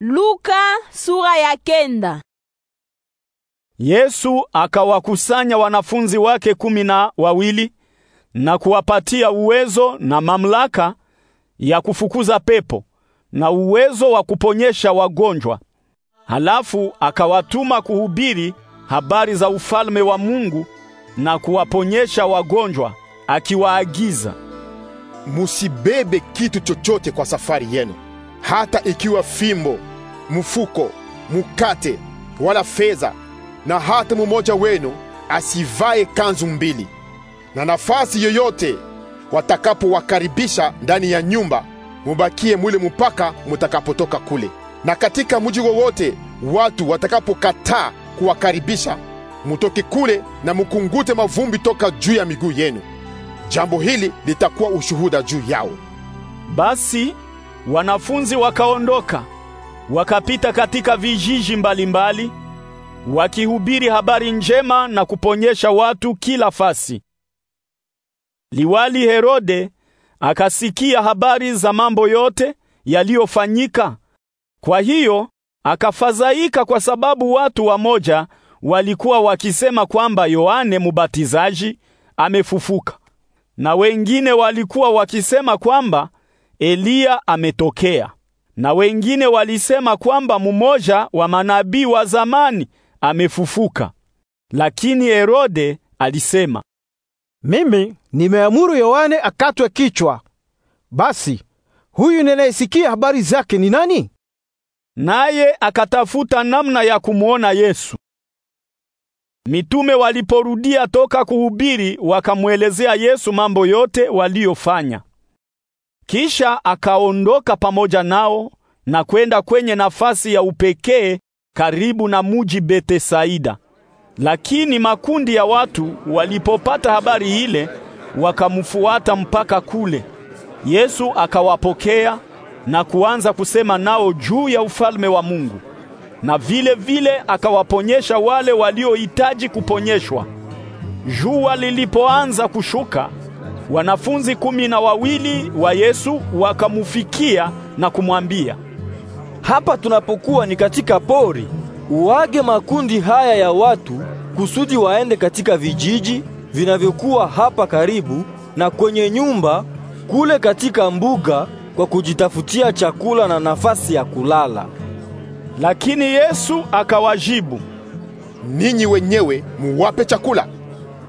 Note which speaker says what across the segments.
Speaker 1: Luka sura ya kenda. Yesu akawakusanya wanafunzi wake kumi na wawili na kuwapatia uwezo na mamlaka ya kufukuza pepo na uwezo wa kuponyesha wagonjwa. Halafu akawatuma kuhubiri habari za ufalme wa Mungu na kuwaponyesha wagonjwa, akiwaagiza,
Speaker 2: musibebe kitu chochote kwa safari yenu hata ikiwa fimbo, mfuko, mkate wala fedha, na hata mmoja wenu asivae kanzu mbili. Na nafasi yoyote watakapowakaribisha ndani ya nyumba, mubakie mule mpaka mutakapotoka kule. Na katika mji wowote watu watakapokataa kuwakaribisha, mutoke kule na mukungute mavumbi toka juu ya miguu yenu. Jambo hili litakuwa ushuhuda juu yao. Basi Wanafunzi wakaondoka
Speaker 1: wakapita katika vijiji mbalimbali wakihubiri habari njema na kuponyesha watu kila fasi. Liwali Herode akasikia habari za mambo yote yaliyofanyika. Kwa hiyo akafadhaika kwa sababu watu wamoja walikuwa wakisema kwamba Yohane Mubatizaji amefufuka. Na wengine walikuwa wakisema kwamba Eliya ametokea. Na wengine walisema kwamba mmoja wa manabii wa zamani amefufuka. Lakini Herode alisema, mimi nimeamuru Yohane akatwe kichwa. Basi huyu ninayesikia habari zake ni nani? Naye akatafuta namna ya kumwona Yesu. Mitume waliporudia toka kuhubiri, wakamwelezea Yesu mambo yote waliyofanya. Kisha akaondoka pamoja nao na kwenda kwenye nafasi ya upekee karibu na muji Betesaida. Lakini makundi ya watu walipopata habari ile wakamfuata mpaka kule. Yesu akawapokea na kuanza kusema nao juu ya ufalme wa Mungu. Na vile vile akawaponyesha wale waliohitaji kuponyeshwa. Jua lilipoanza kushuka, Wanafunzi kumi na wawili wa Yesu wakamufikia na kumwambia, hapa tunapokuwa ni katika pori, uage makundi haya ya watu kusudi waende katika vijiji vinavyokuwa hapa karibu na kwenye nyumba kule katika mbuga kwa kujitafutia chakula na nafasi ya kulala. Lakini Yesu akawajibu, ninyi wenyewe muwape chakula.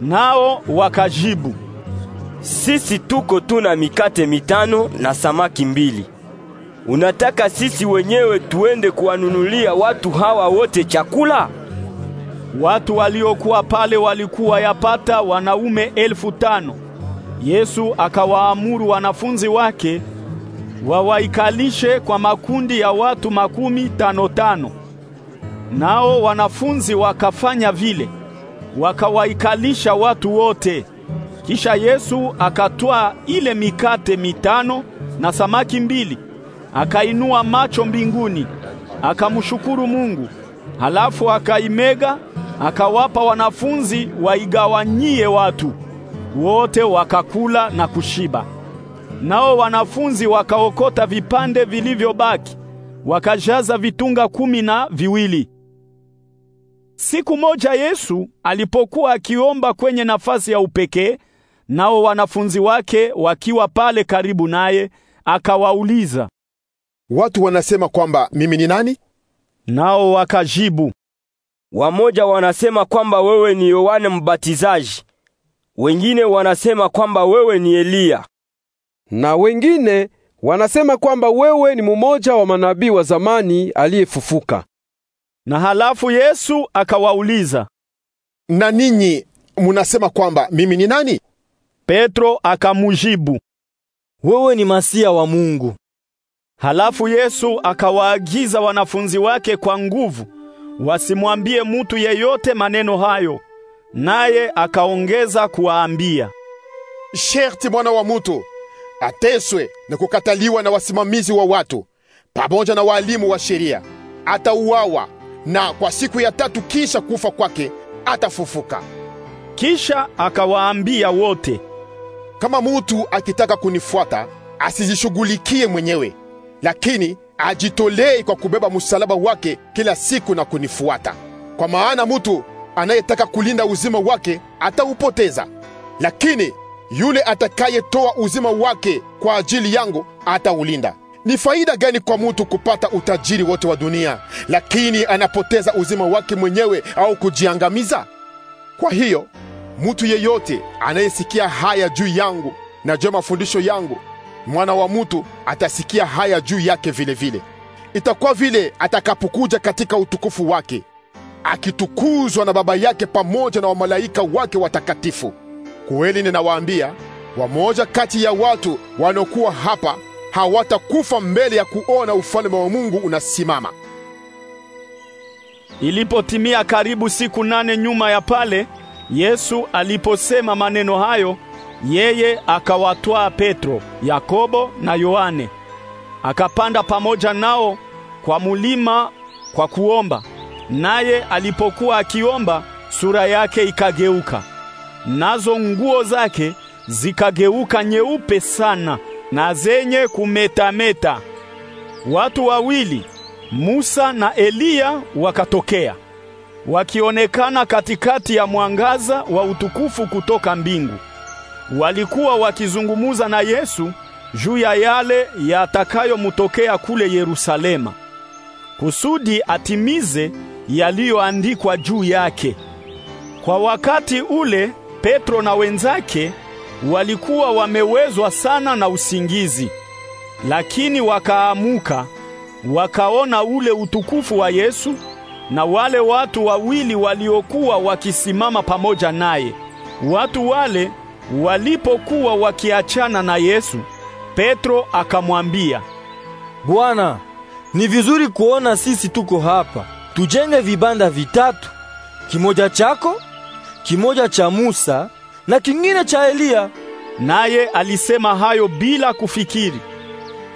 Speaker 1: Nao wakajibu sisi tuko tuna mikate mitano na samaki mbili. Unataka sisi wenyewe tuende kuwanunulia watu hawa wote chakula? Watu waliokuwa pale walikuwa yapata wanaume elfu tano. Yesu akawaamuru wanafunzi wake wawaikalishe kwa makundi ya watu makumi tano tano. Nao wanafunzi wakafanya vile, wakawaikalisha watu wote. Kisha Yesu akatwaa ile mikate mitano na samaki mbili, akainua macho mbinguni, akamshukuru Mungu, halafu akaimega, akawapa wanafunzi waigawanyie watu wote, wakakula na kushiba. Nao wanafunzi wakaokota vipande vilivyobaki, wakajaza vitunga kumi na viwili. Siku moja Yesu alipokuwa akiomba kwenye nafasi ya upekee nao wanafunzi wake wakiwa pale karibu naye, akawauliza, watu wanasema kwamba mimi ni nani? Nao wakajibu, wamoja wanasema kwamba wewe ni Yohane Mbatizaji, wengine wanasema kwamba wewe ni Eliya, na
Speaker 2: wengine wanasema kwamba wewe ni mmoja wa manabii wa zamani aliyefufuka. Na halafu Yesu akawauliza, na ninyi munasema kwamba mimi ni nani? Petro akamujibu, wewe ni masia wa Mungu. Halafu Yesu akawaagiza
Speaker 1: wanafunzi wake kwa nguvu wasimwambie mutu yeyote maneno hayo,
Speaker 2: naye akaongeza kuwaambia, sherti mwana wa mutu ateswe na kukataliwa na wasimamizi wa watu pamoja na waalimu wa sheria, atauawa na kwa siku ya tatu kisha kufa kwake atafufuka. Kisha akawaambia wote kama mutu akitaka kunifuata asijishughulikie mwenyewe, lakini ajitolei kwa kubeba msalaba wake kila siku na kunifuata. Kwa maana mutu anayetaka kulinda uzima wake ataupoteza, lakini yule atakayetoa uzima wake kwa ajili yangu ataulinda. Ni faida gani kwa mutu kupata utajiri wote wa dunia, lakini anapoteza uzima wake mwenyewe au kujiangamiza? Kwa hiyo Mtu yeyote anayesikia haya juu yangu na juu ya mafundisho yangu, mwana wa mtu atasikia haya juu yake vile vile. Itakuwa vile atakapokuja katika utukufu wake, akitukuzwa na Baba yake pamoja na wamalaika wake watakatifu. Kweli ninawaambia, wamoja kati ya watu wanaokuwa hapa hawatakufa mbele ya kuona ufalme wa Mungu unasimama.
Speaker 1: Ilipotimia karibu siku nane nyuma ya pale Yesu aliposema maneno hayo, yeye akawatwaa Petro, Yakobo na Yohane, akapanda pamoja nao kwa mulima kwa kuomba. Naye alipokuwa akiomba, sura yake ikageuka, nazo nguo zake zikageuka nyeupe sana na zenye kumetameta. Watu wawili Musa na Eliya wakatokea wakionekana katikati ya mwangaza wa utukufu kutoka mbingu. Walikuwa wakizungumuza na Yesu juu ya yale yatakayomutokea kule Yerusalema, kusudi atimize yaliyoandikwa juu yake. Kwa wakati ule Petro na wenzake walikuwa wamewezwa sana na usingizi, lakini wakaamuka, wakaona ule utukufu wa Yesu na wale watu wawili waliokuwa wakisimama pamoja naye. Watu wale walipokuwa wakiachana na Yesu, Petro akamwambia, Bwana, ni vizuri kuona sisi tuko hapa. Tujenge vibanda vitatu, kimoja chako, kimoja cha Musa na kingine cha Eliya. Naye alisema hayo bila kufikiri.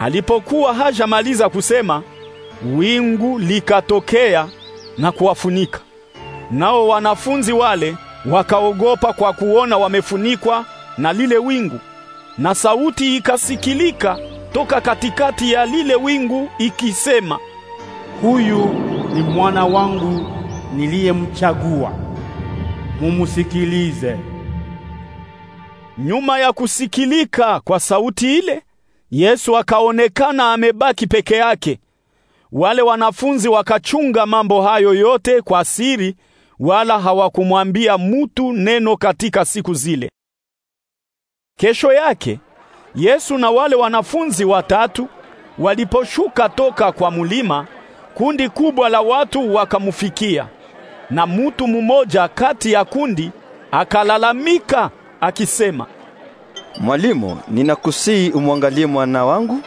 Speaker 1: Alipokuwa hajamaliza kusema, wingu likatokea na kuwafunika. Nao wanafunzi wale wakaogopa kwa kuona wamefunikwa na lile wingu, na sauti ikasikilika toka katikati ya lile wingu ikisema, huyu ni mwana wangu niliyemchagua, mumusikilize. Nyuma ya kusikilika kwa sauti ile, Yesu akaonekana amebaki peke yake wale wanafunzi wakachunga mambo hayo yote kwa siri, wala hawakumwambia mutu neno katika siku zile. Kesho yake Yesu na wale wanafunzi watatu waliposhuka toka kwa mulima, kundi kubwa la watu wakamfikia, na mutu mmoja kati ya kundi akalalamika akisema, Mwalimu, ninakusihi umwangalie mwana wangu,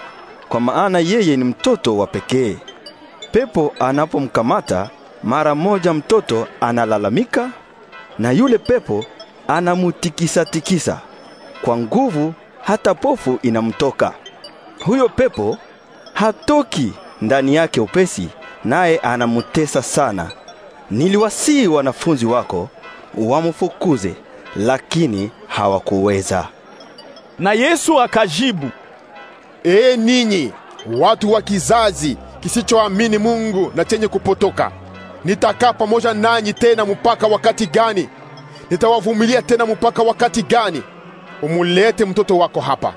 Speaker 1: kwa maana yeye ni mtoto wa pekee Pepo anapomkamata mara moja mtoto analalamika, na yule pepo anamutikisa-tikisa kwa nguvu, hata pofu inamtoka. Huyo pepo hatoki ndani yake upesi, naye anamutesa sana. Niliwasihi wanafunzi wako
Speaker 2: wamfukuze, lakini hawakuweza. Na Yesu akajibu, ee ninyi watu wa kizazi kisichoamini Mungu na chenye kupotoka. Nitakaa pamoja nanyi tena mpaka wakati gani? Nitawavumilia tena mpaka wakati gani? Umulete mtoto wako hapa.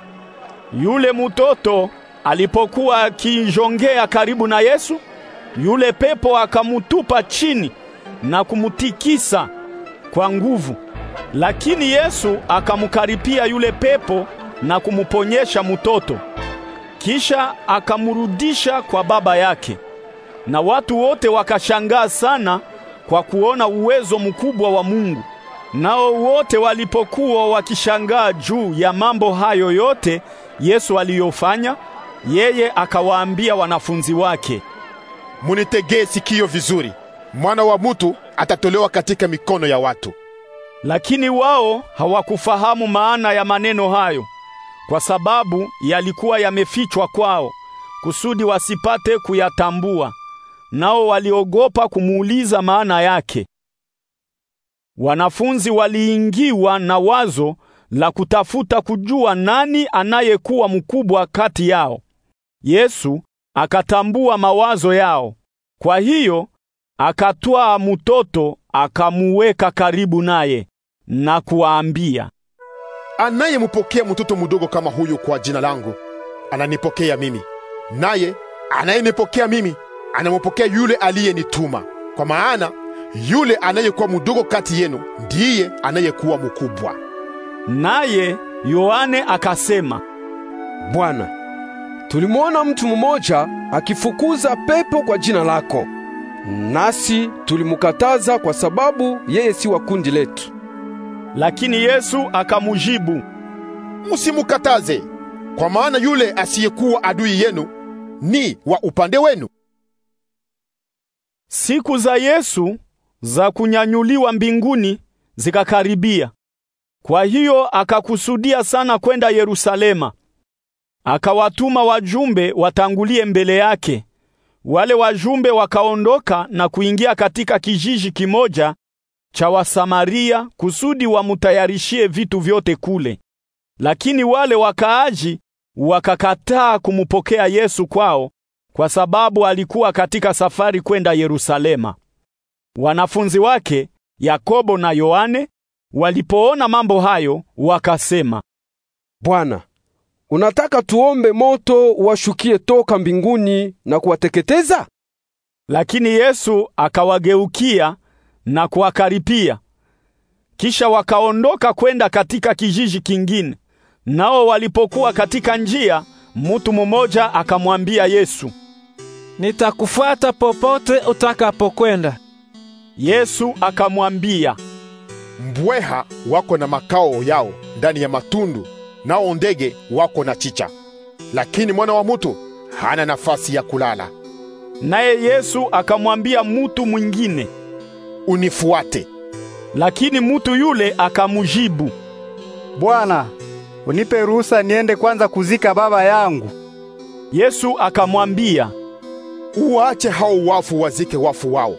Speaker 2: Yule mtoto alipokuwa akinjongea karibu na Yesu,
Speaker 1: yule pepo akamutupa chini na kumutikisa kwa nguvu, lakini Yesu akamkaripia yule pepo na kumuponyesha mtoto. Kisha akamrudisha kwa baba yake, na watu wote wakashangaa sana kwa kuona uwezo mkubwa wa Mungu. Nao wote walipokuwa wakishangaa juu ya mambo hayo yote
Speaker 2: Yesu aliyofanya, yeye akawaambia wanafunzi wake, munitegee sikio vizuri, mwana wa mutu atatolewa katika mikono ya watu. Lakini wao hawakufahamu maana ya maneno hayo kwa
Speaker 1: sababu yalikuwa yamefichwa kwao kusudi wasipate kuyatambua, nao waliogopa kumuuliza maana yake. Wanafunzi waliingiwa na wazo la kutafuta kujua nani anayekuwa mkubwa kati yao. Yesu akatambua mawazo yao, kwa hiyo akatwaa mtoto akamuweka karibu
Speaker 2: naye na kuwaambia, anayemupokea mtoto mdogo kama huyu kwa jina langu ananipokea mimi, naye anayenipokea mimi anamupokea yule aliyenituma. Kwa maana yule anayekuwa mdogo kati yenu ndiye anayekuwa mkubwa. Naye Yohane akasema,
Speaker 1: Bwana, tulimwona mtu mmoja akifukuza pepo kwa jina lako, nasi tulimkataza kwa sababu yeye si wa kundi
Speaker 2: letu. Lakini Yesu akamujibu, msimukataze, kwa maana yule asiyekuwa adui yenu ni wa upande wenu. Siku za Yesu za kunyanyuliwa mbinguni
Speaker 1: zikakaribia. Kwa hiyo akakusudia sana kwenda Yerusalema. Akawatuma wajumbe watangulie mbele yake. Wale wajumbe wakaondoka na kuingia katika kijiji kimoja cha Wasamaria kusudi wamutayarishie vitu vyote kule. Lakini wale wakaaji wakakataa kumupokea Yesu kwao kwa sababu alikuwa katika safari kwenda Yerusalema. Wanafunzi wake Yakobo na Yohane walipoona mambo hayo wakasema, Bwana, unataka tuombe moto washukie toka mbinguni na kuwateketeza? Lakini Yesu akawageukia na kuwakaripia. Kisha wakaondoka kwenda katika kijiji kingine. Nao walipokuwa katika njia, mtu mmoja akamwambia Yesu, nitakufuata
Speaker 2: popote utakapokwenda. Yesu akamwambia, mbweha wako na makao yao ndani ya matundu, nao ndege wako na chicha, lakini mwana wa mutu hana nafasi ya kulala. Naye Yesu akamwambia mutu mwingine unifuate. Lakini
Speaker 1: mutu yule akamujibu, Bwana, unipe ruhusa niende
Speaker 2: kwanza kuzika baba yangu. Yesu akamwambia, uache hao wafu wazike wafu wao,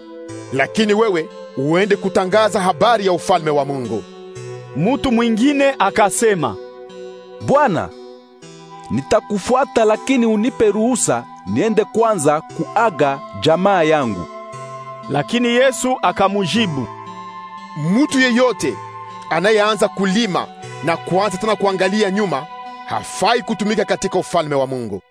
Speaker 2: lakini wewe uende kutangaza habari ya ufalme wa Mungu. Mutu mwingine akasema, Bwana,
Speaker 1: nitakufuata lakini unipe ruhusa niende kwanza kuaga
Speaker 2: jamaa yangu. Lakini Yesu akamujibu, mtu yeyote anayeanza kulima na kuanza tena kuangalia nyuma hafai kutumika katika ufalme wa Mungu.